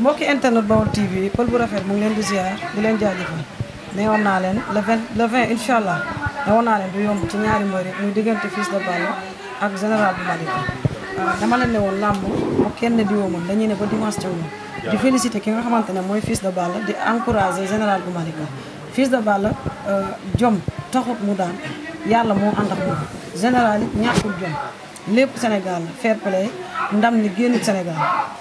mbokki internet Baol TV pël bu rafet mu ngi leen di ziar di leen jaajëfal ne woon naa leen le 20 le 20 incha allah ne woon naa leen du yomb ci ñaari mbër mu muy diggante Fils de Balla ak Général bu Malika euh, dama leen ne woon làmb bu kenn di woomul dañuy ne ba dimanche ci woon di félicité ki nga xamante ne mooy Fils de Balla di encouragé Général bu Malika Fils de Balla euh, jom taxut mu daan yàlla moo ànd ak moom Général it ñàkkul jom lépp Sénégal fair play ndam ni génn Sénégal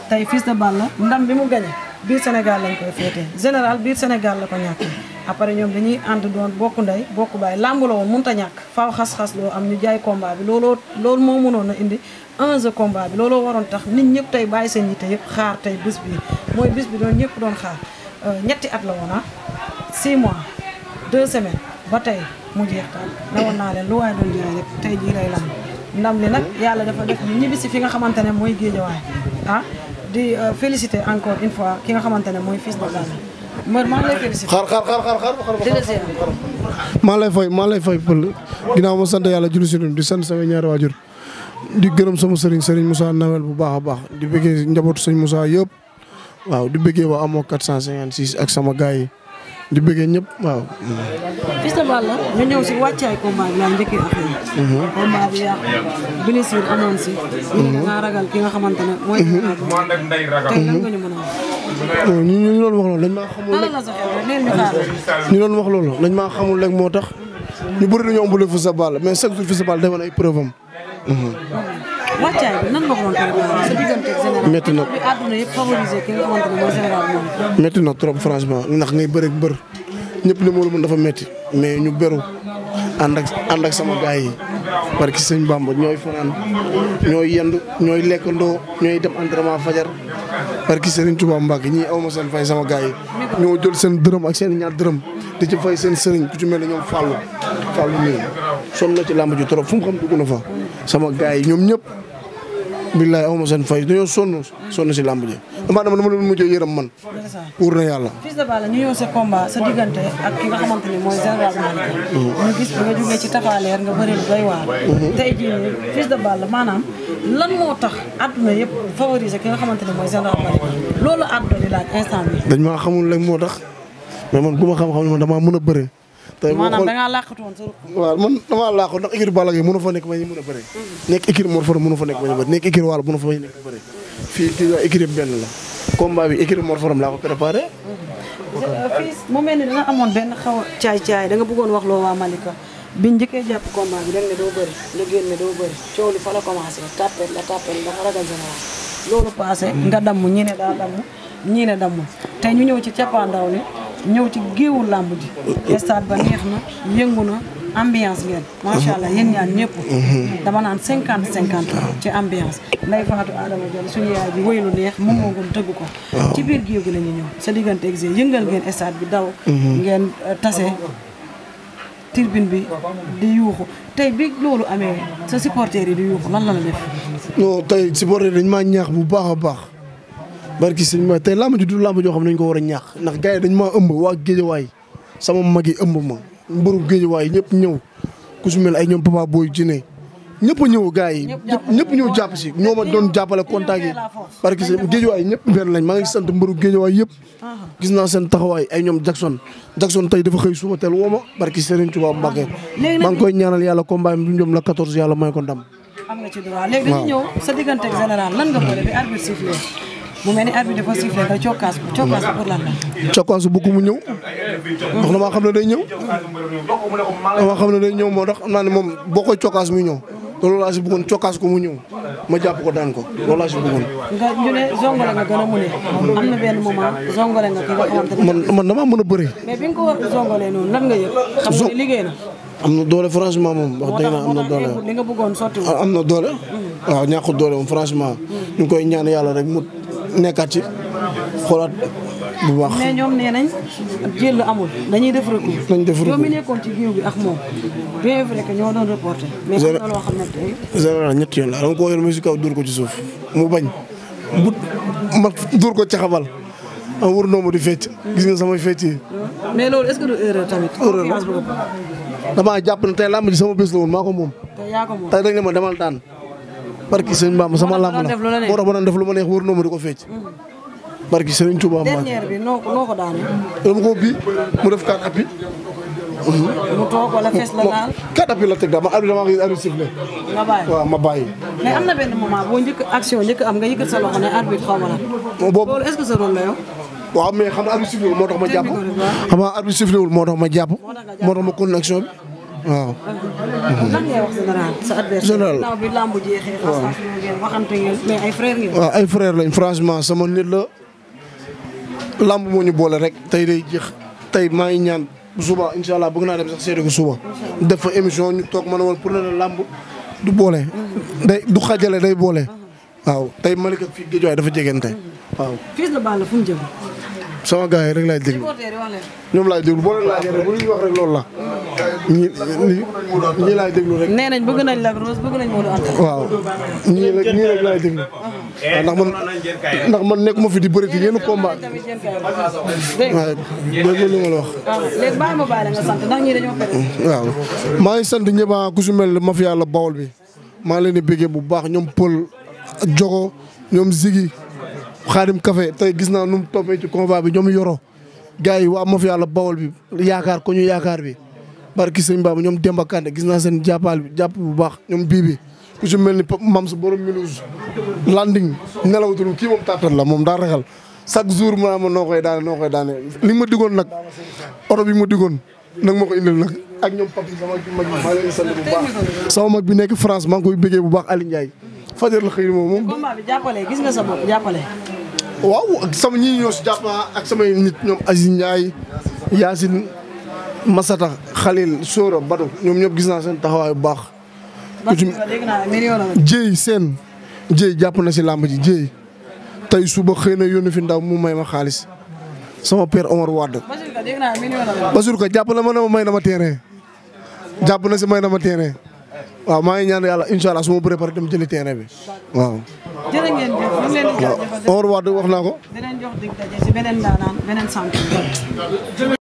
tey Fils de Balla ndam bi mu gañe biir Sénégal lañ koy féetee général biir Sénégal la ko ñàkkee après ñoom dañuy ànd doon bokk ndey bokk baay làmb la woon mënta ñàkk faaw xas-xas loo am ñu jaay combat bi looloo loolu moo mënoon a indi enjeu combat bi looloo waroon tax nit ñëpp tey bàyyi seen te yëpp xaar tey bis bi mooy bis bi doon ñëpp doon xaar euh, ñetti at la woon ah 6 mois 2 semaines ba tey mu jeex daal ne woon naa leen jii lay lam ndam li nag yàlla dafa def ñibbisi fi nga xamante ne mooy géejawaay ah di euh, féliciter encore une fois ki nga xamante ne mooy fils de Balla Mbër maa lay féliciter. xar xar fay pël ginnaaw ma sant yàlla julli si di sant sama ñaari waajur di gërëm sama sëriñ sëriñ Moussa Nawel bu baax a baax di bëggee njabootu sëñ Moussa yëpp waaw di bëggee waa amoo 456 ak sama gars yi di bëggee ñëpp waaw. Fils de Balla ñu ñëw si wàccaay combat bi laa ak mhm. yéen. Mhm. nga ragal xamante ne mooy. Mhm. ñu ñu ñu wax loolu dañ maa xamul. lan la sa xew ñu doon wax loolu dañ maa xamul rek moo tax. ñu bëri dañoo am bu Fils de mais chaque jour Fils de Balla defoon ay preuve am. wàccaay bi nan na bi àdduna yëpp favorisé ki trop franchement ndax ngay bëre bër ñëpp ne Modou Lo dafa métti mais ñu beru ànd ànd ak sama gaay yi parce que sëñ Bamba ñooy fanaan ñooy yendu ñooy ñooy dem entraînement fajar parce que Serigne Touba Mbacke ñii aw ma seen fay sama gaay yi ñoo jël seen dërëm ak seen ñaar dërëm di ci fay seen sëriñ ku ci mel ne ñoom Fallou Fallou nii sonn na ci làmb ji trop fu xam dugg na fa sama gaay yi ñoom ñëpp billaay aw ma seen fay dañoo sonn sonn si làmb ji. damaa dama dama leen mujjee yërëm man. wóor na yàlla. Fils de Balla ñu ñëw sa sa diggante ak ki nga xamante mooy Général mhm. nga jógee ci tafaaleer mhm. moo tax àdduna ni laaj instant bi. dañ maa xamul léegi moo tax mais man bu ma xam-xam ne mën a bëre. tey maanaam da ngaa làqatu woon sa waaw man damaa làqu ndax équipe Balla Gaye mënu fa nekk ba ñu mm. mën a bëre nekk équipe Mor Fadam mënu fa nekk ba ñu bëre nekk équipe Walo mënu fa nekk bëre fii ti équipe benn la combat bi équipe Mor Fadam laa ko préparé mm. euh, fii mu mel ni da nga amoon benn xaw caay-caay da nga bëggoon wax loo waa Malika biñ njëkkee jàpp combat bi da nga ne doo bëri nga génn doo bëri coow li fa la commencé tàppeel la tàppeel dafa ragal général loolu passé nga damm ñi ne daa damm ñi ne damm tey ñu ñëw ci cappaandaw ni ñëw ci géewu làmb ji stade ba neex na yëngu na ambiance ngeen macha allah yéen ñaan ñëpp dama naan cinquante cinquante ci ambiance nday faatu Adama Diallo suñu yaay bi woy lu neex moom ngoon tëgg ko ci biir géew gi la ñu ñëw sa diggante exe yëngal ngeen stade bi daw mhm. ngeen euh, tase tribune bi di yuuxu tey bi loolu amee sa supporters yi di yuuxu lan la la def non tey supporters dañ maa ñaax bu baax a baax barki sëñ ma tey làmb ji du làmb xam a ñaax ndax gars yi dañ maa ëmb waa géejawaay sama mag yi ëmb ma mbëru géejawaay ñëpp ñëw ku su mel ay ñoom papa booy jinne ñëpp a ñëw gars yi ñëpp ñëw jàpp si ñoo ma doon jàppale contact yi barki sëñ géejawaay ñëpp benn lañ maa ngi sant mbëru géejawaay yëpp gis naa seen taxawaay ay ñoom Jackson Jackson tey dafa xëy suma teel woo ma barki Serigne Touba Mbacké maa ngi koy ñaanal yàlla combat bi ñoom la 14 yàlla may ko ndam am nga ci droit léegi dañu ñëw mu mel ni arbitre dafa sifflé nga cokkaas cokkaas pour bu ko mu ñëw. ndax damaa xam ne day ñëw. damaa xam ne day ñëw moo tax xam naa ne moom boo koy cokkaas muy ñëw. te loolu ko mu ñëw. ma jàpp ko daan ko a mën a. na benn mën a bëri. mais bi nga ko war am na doole franchement moom wax dëgg a ah, am na doole li mm. am ah, na doole. waaw ñàkk doole moom franchement. Mm. ñu koy ñaan yàlla rek mu nekkaat ci xoolaat bu baax. mais ñoom nee nañ jël amul dañuy def recours. dañuy def recours ñoom mi nekkoon ci géew bi ak moom bien vrai que ñoo na loo xam ne tey. yoon la dama ko yor mu si kaw dóor ko ci suuf mu bañ bu ma dóor ko caxabal a wër ndoom di fecc. gis nga samay fecc yi. tamit. erreur la damaa jàpp ne tey làmb ji sama bés la woon maa ko moom. tey yaa ko moom demal daan. barki sëñ Bamba sama lamb la moo tax ma daan def lu ma neex wër noo ma di ko fecc barki sëñ Touba Mbacke. ma arbitre damaa ngi am na benn moment boo njëkk action njëkk am nga yëkkat sa loxo ne xaw ma la. boobu est-ce que sa la yow. waaw mais xam nga arbitre sifflé moo tax ma jàpp. moo tax ma jàpp. moo bi. waaw. lan ngay lamb jeexee. ay frères lañ franchement sama nit la lamb moo ñu boole rek tey day jeex tey maa ngi ñaan suba incha allah bëgg naa dem sax seede ko suba. def fa émission ñu toog ma ne woon pour ne la lamb du boole. day du xajale day boole. waaw tey Malika fii Guédiawaye dafa jegante waaw. sama gars yi rek laay déglu ñoom laay déglu boo leen laajee rek loolu la. ñi ñi laay déglu rek. nee nañ bëgg waaw ñii rek ñii rek laay ndax man ndax man fi di bëri ci yenn combat. dégg nga dégg li ma ah, waaw maa ngi sant ñëpp ah, ku su mel mafia Bawol bi maa ngi leen bu baax ñoom Pël Jogo ñoom Ziggy. xaadim café tey gis naa nu mu toppee ci combat bi ñoom yoro gars yi waa mafia la bawol bi yaakaar ko ñu yaakaar bi barki sëñ Baba ñoom Demba Kande gis naa seen jàppal bi jàpp bu baax ñoom bi ku mel ni mams borom minus landing nelawatul kii moom tàttan la moom daa ragal chaque jour ma noo koy daane noo koy daane li ma digoon nag oto bi ma digoon nag ma indil nag ak ñoom papi sama mag bi maa mag bi nekk France maa koy bëggee bu baax Aliou Ndiaye fajar la xëy moom moom bi jàppale gis nga sa bopp waaw ak sama ñi ñoo si ak samay nit ñoom Aziz Ndiaye Yacine Masata Khalil Sora Badou ñoom ñëpp gis naa seen taxawaay bu baax. jéy seen jéy jàpp na si làmb ji jéy tey suba xëy na yónni fi ndaw mu may ma xaalis sama père Omar Wade. Basir Ka jàpp na ma na ma terrain jàpp na si may na ma terrain. waaw maa ngi ñaan yàlla incha allah su ma bëree pare dem jëli terrain bi waaw. jërë wax jëf ñu ngi leen di jaajëfal. waaw wax naa ko. dinañ jox dig si beneen daanaan